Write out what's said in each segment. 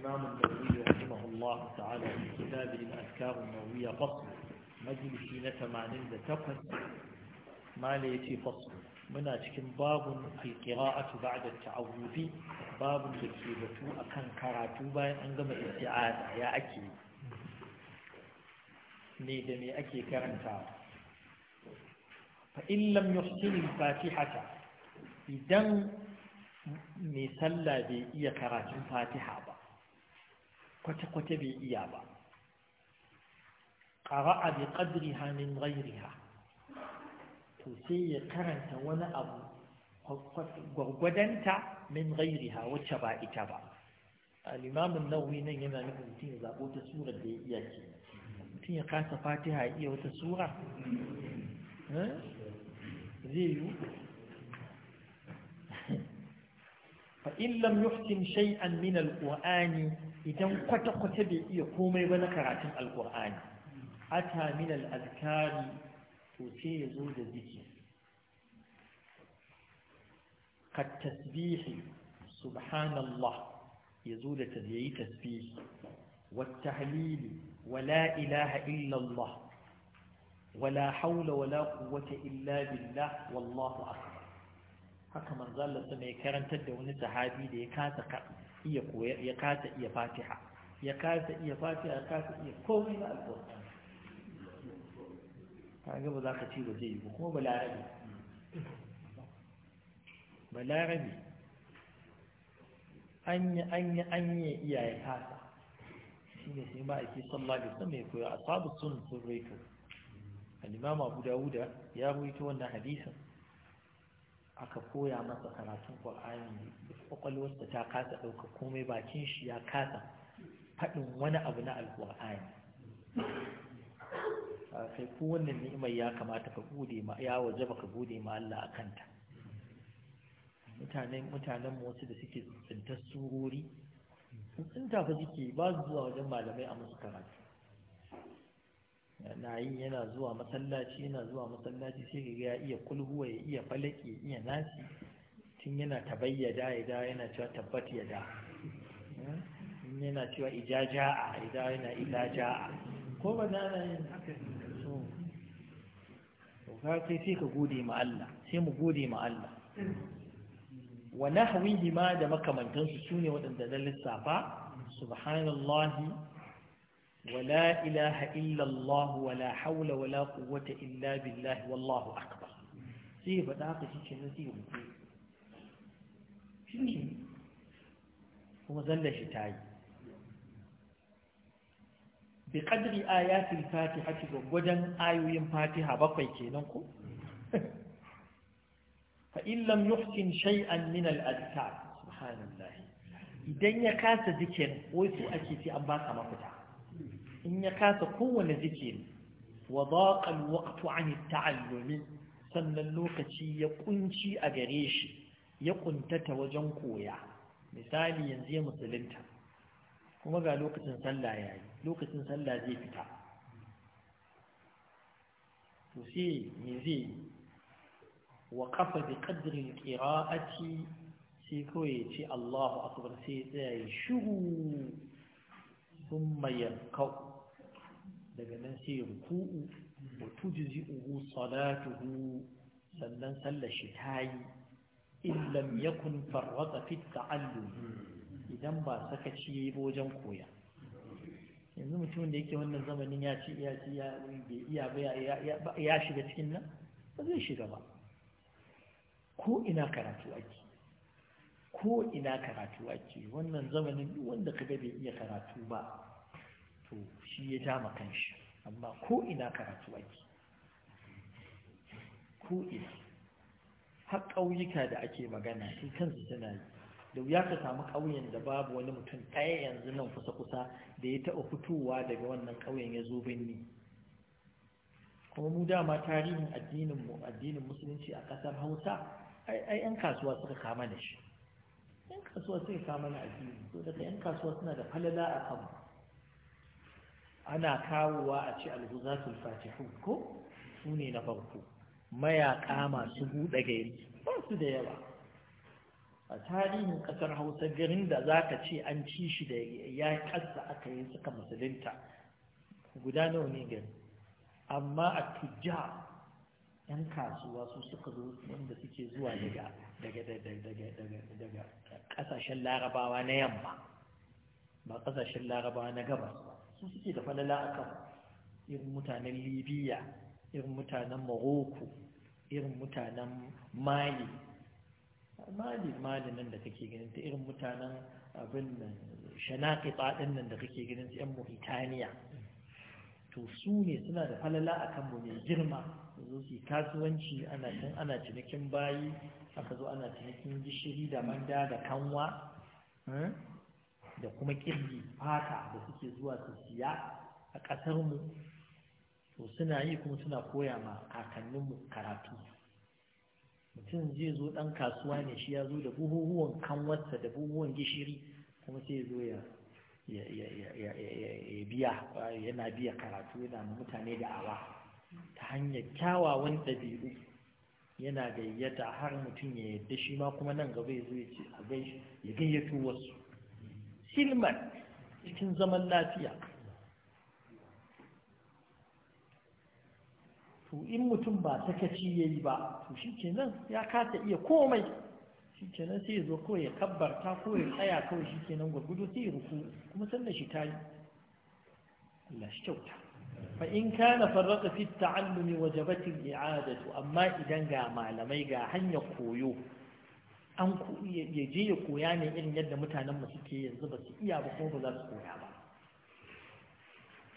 الإمام النووي رحمه الله تعالى في كتابه الأذكار النووية فصل مجلسي نتمانين لتقن ما ليتي فصل منا تكن باب القراءة بعد التعوذ باب لكيبة أكن كراتو باين أنقم الاستعادة يا أكي نيدمي أكي كرنتا فإن لم يحسن الفاتحة إذن mai sallah bai iya karatun fatiha ba kwata-kwata bai iya ba ƙara'a bi ƙadri hannun ghairiha to sai ya karanta wani abu gwargwadonta min ghairiha wacce ba ita ba Limamin nauyi nan yana nufin mutum ya zaɓo ta surar da ya iya ce mutum ya kasa fatiha iya wata sura eh? zai yi fa in lam yuhsin shay'an min alqur'ani idan kwata kwata bai iya komai ba na karatun alqur'ani ata min alazkari to ya zo da zikiri ka tasbihi subhanallah ya zo da yi tasbihi wa tahlili wala ilaha illallah, wala haula wala ولا illa إلا wallahu والله haka manzo Allah sai mai karantar da wani sahabi da ya kasa iya koyar ya kasa iya Fatiha ya kasa iya Fatiha ya kasa iya komai na Alƙur'ani kaga ba za ka ci ba zai yi ba kuma balarabi balarabi an yi an yi an yi kasa shi ne sai ma'aiki sallallahu alaihi wasallam ya koya ashabu sun sun raito al-imam Abu Dawud ya rawaito wannan hadisin aka koya masa karatun ƙwar'ani ƙwaƙwalwarsa ta kasa ɗauka komai bakin shi ya kasa faɗin wani abu na alƙwar'ani sai ah, ko wannan ni'imar ya kamata ka gode ma ya waje ka gode ma Allah a kanta mutanen mutanen wasu da suke tsintar surori sun tsinta suke ba zuwa wajen malamai a musu karatu na yana zuwa masallaci yana zuwa masallaci sai ga ya iya kulhuwa ya iya falaki ya iya nasi tun yana tabayyada ya da yana cewa tabbat ya da hmm? yana cewa ijaja'a idan yana ijaja'a ko ba na yin haka so ka kai sai ka gode ma Allah sai mu gode ma Allah wa nahwihi ma da makamantansu sune waɗanda na lissafa subhanallahi ولا إله إلا الله ولا حول ولا قوة إلا بالله والله أكبر sai ya faɗa haka shi kuma zallar shi ta yi bi ƙadiri ayatul fatiha gwaggwajen ayoyin fatiha bakwai kenan ko fa illam yuhsin shay'an min idan ya kasa zikirin wai su ake an ba mafita in ya kasa kowane zikiri wa daqa alwaqtu an ta'allumi sannan lokaci ya ƙunci a gare shi ya ƙuntata wajen koya misali yanzu ya musulunta kuma ga lokacin sallah yayi lokacin sallah zai fita to sai me zai wa kafa bi qadri ƙira'aci sai kawai ya ce Allahu akbar sai ya tsaya ya shiru thumma daga nan sai ruku'u wa tujzi'uhu salatuhu sannan sallar shi yi. in lam yakun farrata fi ta'allum idan ba saka sakaci yayi wajen koya yanzu mutum da yake wannan zamanin ya ci ya ci ya iya ba ya shiga cikin nan ba zai shiga ba ko ina karatu ake ko ina karatu ake wannan zamanin duk wanda kaga bai iya karatu ba to shi ya ja kanshi, amma ko ina karatu ake ko ina har ƙauyuka da ake magana shi kansu suna yi da wuya ka samu ƙauyen da babu wani mutum ɗaya yanzu nan kusa-kusa da ya taɓa fitowa daga wannan ƙauyen ya zo binni. kuma mu dama tarihin addinin mu addinin musulunci a ƙasar hausa ai yan kasuwa suka kama da shi yan kasuwa suka kama da addini to daga yan kasuwa suna da falala a kanmu ana kawowa a ci alhuzatul fatihu ko su ne na farko mayaƙa masu buɗe gari ba su da yawa a tarihin ƙasar hausa garin da za ka ce an ci shi da ya ƙasa aka yi suka musulunta guda nawa ne gari amma a tujja yan kasuwa su suka zo wanda suke zuwa daga daga ƙasashen larabawa na yamma ba ƙasashen larabawa na gabas ba su suke da falala a kan irin mutanen libya irin mutanen morocco irin mutanen mali mali mali nan da kake ganin ta irin mutanen abin nan shanaki ɗin nan da kake ganin su 'yan mauritaniya to su ne suna da falala a kanmu mai girma zo su kasuwanci ana can ana cinikin bayi aka zo ana cinikin gishiri da manda da kanwa hmm? da kuma kirgi fata da suke zuwa su siya a ƙasarmu to suna yi kuma suna koya ma kakanninmu karatu mutum zai zo ɗan kasuwa ne shi ya zo da buhuhuwan kanwarsa da buhuhuwan gishiri kuma sai zo ya biya yana biya karatu yana mutane da awa ta hanyar kyawawan ɗabi'u yana gayyata har mutum ya yadda shi ma kuma nan gaba ya zo ya ce a ya gayyato wasu silman cikin zaman lafiya to in mutum ba sakaci ya yi ba to shi kenan ya kasa iya komai shi kenan sai ya zo ko ya kabbarta ko ya tsaya kawai shi kenan gwargudu sai ya ruku kuma sannan shi ta yi Allah kyauta fa in kana farraka fi ta'allumi wajabatil i'adatu amma idan ga malamai ga hanyar koyo an ya je ya koya ne irin yadda mutanen mu suke yanzu ba su iya ba kuma ba za su koya ba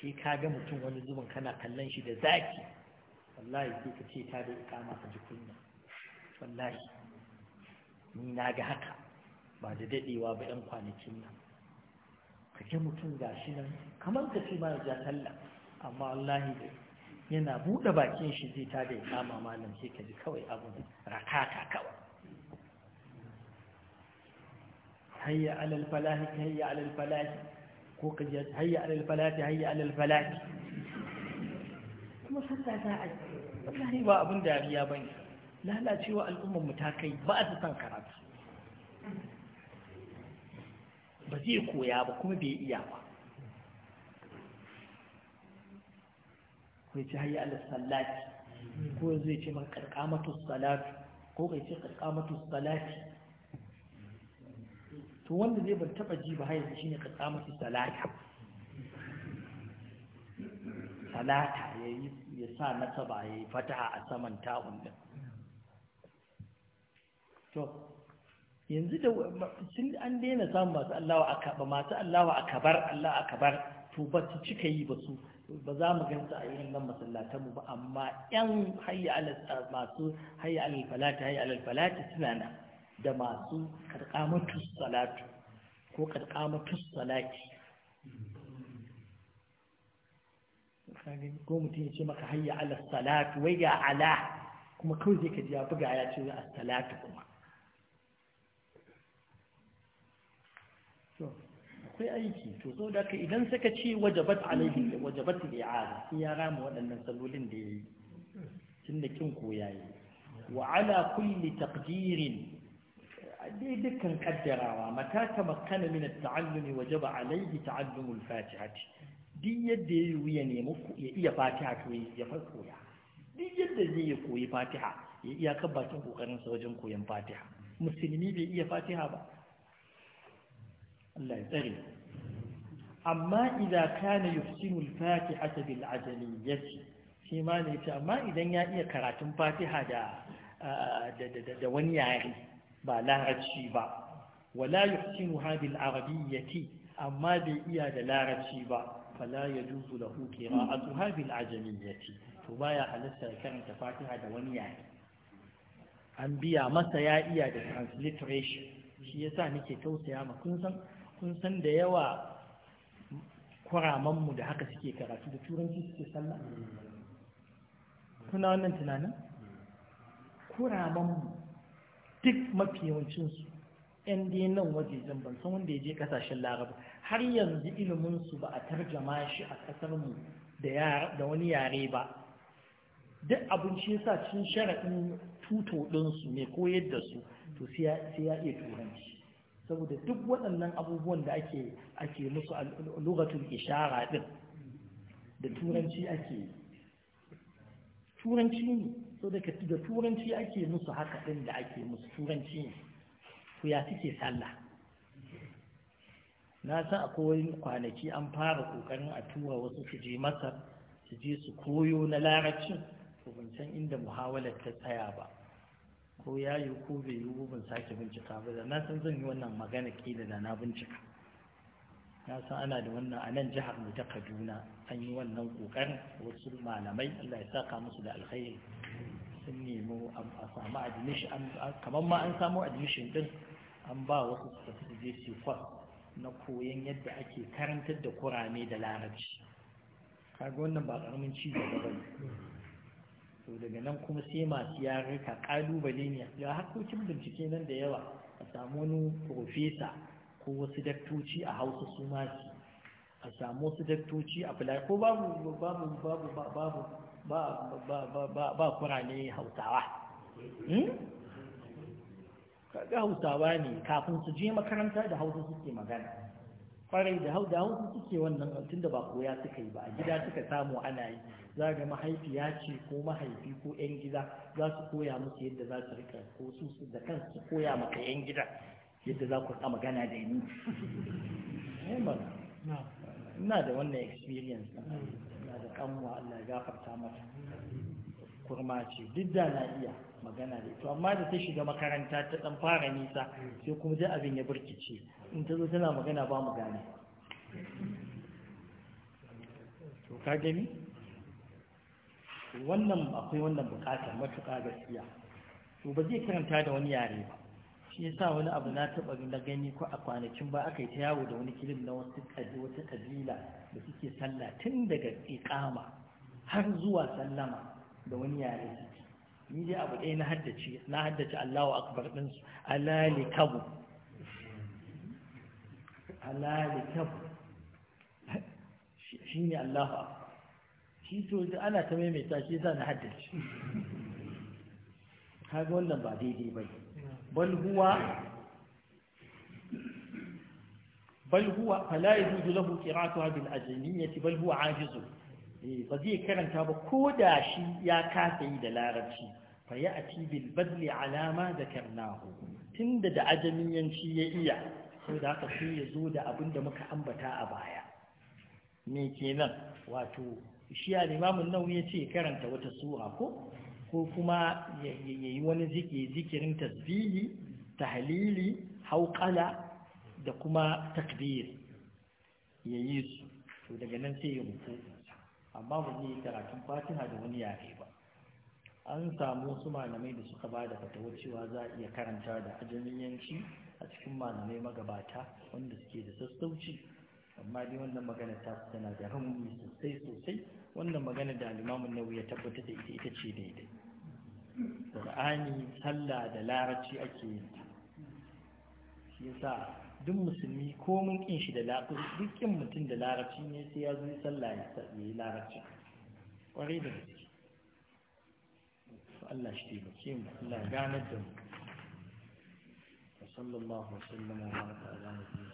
sai ka ga mutum wani zubin kana kallon shi da zaki wallahi sai ka ce ta da ikama ka ji kunya wallahi ni na ga haka ba da dadewa ba yan kwanakin nan ka ga mutum gashi nan kamar ka ce ma da ja sallah amma wallahi yana buɗe bakin shi zai ta da ikama malam sai ka ji kawai abun rakaka kawai hayya alal falahi hayya alal falahi ko ka ji hayya alal falahi hayya alal falahi kuma sassa za a yi wallahi ba abin dariya bane lalacewa al'ummar mu ta kai ba a san karatu ba zai koya ba kuma bai iya ba kai ce hayya alal salati ko zai ce man karkamatu salatu ko kai ce karkamatu salati to wanda zai ban taba ji ba shi ne ka tsama shi salata salata yayi ya sa nasaba yayi fataha a saman ta'un din to yanzu da sun an daina samun masu Allahu akaba masu Allahu akabar Allahu akabar to ba su cika yi ba su ba za mu ganta a yin nan masallatan mu ba amma yan hayya alal masu hayya alal falata hayya alal falati suna nan da masu karkamatus salatu ko karkamatus salati ko mutum ya ce maka hayya ala salatu wai ga ala kuma kawai zai ka jiya buga ya ce a salatu kuma akwai aiki to so da idan suka ce wajabat alaihi wajabat li'ada sai ya rama waɗannan salolin da yayi da kin koyaye wa ala kulli taqdirin dai dukkan kaddarawa mata ta makana min at-ta'allumi wajaba alayhi ta'allumul fatihati duk yadda ya yi ya nemi ya iya fatiha to ya far koya duk yadda zai ya koyi fatiha ya iya kan bakin kokarin sa wajen koyan fatiha musulmi bai iya fatiha ba Allah ya tsare amma idan kana yuhsinu al-fatihata bil ajaliyyati shi ma ne amma idan ya iya karatun fatiha da da wani yare ba larabci ba wala yuhsinu hadhihi al-arabiyyati amma bai iya da larabci ba fala yajuzu lahu qira'atu hadhihi al-ajamiyyati to baya halatta karanta Fatiha da wani yare an biya masa ya iya da transliteration shi yasa nake tausaya ma kun san kun san da yawa kuramanmu da haka suke karatu da turanci suke sallah kuna wannan tunanin kuramanmu duk mafi yawancinsu yan dai nan wajejen ban san wanda ya je kasashen laraba har yanzu ilimin su ba a tarjama shi a mu da wani yare ba duk abinci ya sa cin sharaɗin tuto ɗinsu mai koyar da su to sai ya iya turanci saboda duk waɗannan abubuwan da ake ake musu lokacin ishara ɗin da turanci ake turanci ne so daga da turanci ake musu haka ɗin da ake musu turanci ne to ya suke sallah na san akwai kwanaki an fara kokarin a tura wasu su je masar su je su koyo na larabcin to ban san inda muhawalar ta tsaya ba ko ya yi ko bai yi ban sake bincika ba da na san zan yi wannan magana kila da na bincika na san ana da wannan a nan jihar mu ta kaduna an yi wannan kokarin wasu malamai allah ya saka musu da alkhairi sun nemo a samu admission kamar ma an samu admission din an ba wasu su course na koyon yadda ake karantar da kurame da larabci kaga wannan ba karamin ci gaba ba to daga nan kuma sai masu yarurruka kalubale ne ya harkokin bincike nan da yawa a samu wani profesa ko wasu daktoci a hausa su masu a samu wasu daktoci a fulani ko babu babu babu babu ba kurane hausawa hmm? kaga hausawa ne kafin su je makaranta da hausa suke magana kwarai da hausa suke wannan tun da ba koya suka yi ba a gida suka samu ana yi za ga mahaifiya ce ko mahaifi ko 'yan gida za su koya musu yadda za su rika ko su da kansu koya maka 'yan gida yadda za ku magana da ni eh, ina da wannan experience ina da kanwa Allah ya gafarta mata kurma ce duk da na iya magana da ita amma da ta shiga makaranta ta dan fara nisa sai kuma sai abin ya burkice in ta zo tana magana ba mu gane to ka gani wannan akwai wannan bukatar matuƙa gaskiya to ba zai karanta da wani yare ba shi yasa wani abu na taɓa na gani ko a kwanakin ba aka yi ta yawo da wani kilin na wasu wata ƙabila da suke sallah tun daga iƙama har zuwa sallama da wani yare ni dai abu ɗaya na haddace na haddace Allahu akbar din alali kabu alali kabu ne Allahu shi to ana ta maimaita shi yasa na haddace kaga wannan ba daidai ne. bal huwa bal huwa fala yajuzu lahu qira'atuha bil ajamiyyati bal huwa ajizu eh, ba zai karanta ba ko da shi ya kasa yi da larabci fa ya'ti bil badli alama zakarnahu tunda da ajamiyyanci ya iya sai da haka sai ya zo da abin da muka ambata a baya me kenan wato shi al-imamu nawawi ya ce karanta wata sura ko ko kuma ya yi wani zikirin tasbihi tahlili hauqala da kuma takbir ya yi su to daga nan sai ya rufu amma ba zai yi karatun fatiha da wani yare ba an samu wasu malamai da suka ba da fatawar cewa za a iya karanta da ajamiyanci a cikin malamai magabata wanda suke da sassauci amma dai wannan magana ta tana da rauni sosai sosai wannan magana da alimamin nauyi ya tabbatar da ita ita ce daidai alƙur'ani sallah da larabci ake yi shi yasa duk musulmi ko mun kin shi da larabci duk kin mutum da larabci ne sai ya zo sallah ya yi larabci kwarai da gaske Allah shi ke mu Allah ganar da mu sallallahu alaihi wa sallam wa baraka